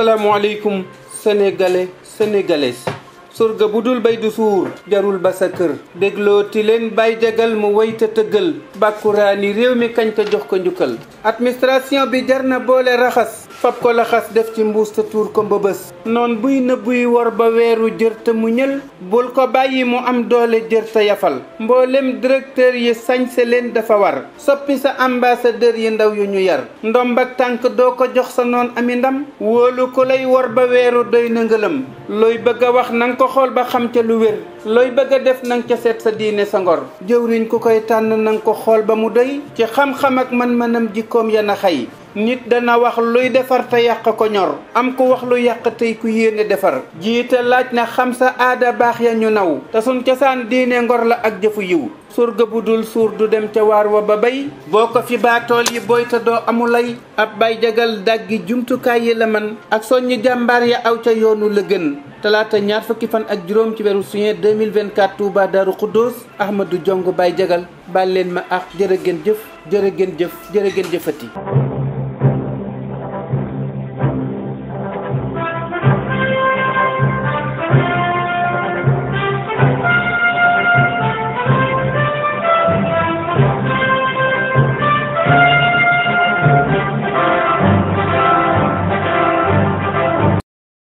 asalaamualeykum sénégalais sénégalaises surga bu dul bay du suur jarul ba sa kër déglooti leen bay jagal mu woy te raa ni réew mi kañ ko jox ko njukkal administration bi jar na boole raxas fab ko laxas def ci mbuus te tuur ko mbëbës noon buy nëbbuy wor ba weeru jër te mu ñël bul ko bàyyi mu am doole jër te yafal mboolem directeur yi sañse leen dafa war soppi sa ambassadeur yi ndaw yu ñu yar ndomb ak tànk doo ko jox sa noon ami ndam woolu ko lay wor ba weeru doy na ngëlëm looy bëgg a wax nanga ko xool ba xam ca lu wér looy bëgg a def nang ca seet sa diine sa ngor jëwriñ ku koy tànn nang ko xool ba mu doy ci xam-xam ak man-manam jikkoom yana xay nit dana wax luy defar te yàq ko ñor am ku wax lu yàq tey ku yéene defar jiite laaj na xam sa aada baax ya ñu naw te suñ cosaan diine ngor la ak jëfu yiw surga bu dul suur du dem ca waar wa ba bay boo ko fi baatool yi booy te doo ay ab bay jagal daggi jumtukaay yi la man ak soññi jàmbaar ya aw ca yoonu la gën talaata ñaar fukki fan ak juróom ci weeru juin 2024 Touba Darou Khoudoss Ahmadou Diongue Baye Diagal baal leen ma ak jërë ngeen jëf jërë ngeen jëf jërë ngeen jëfati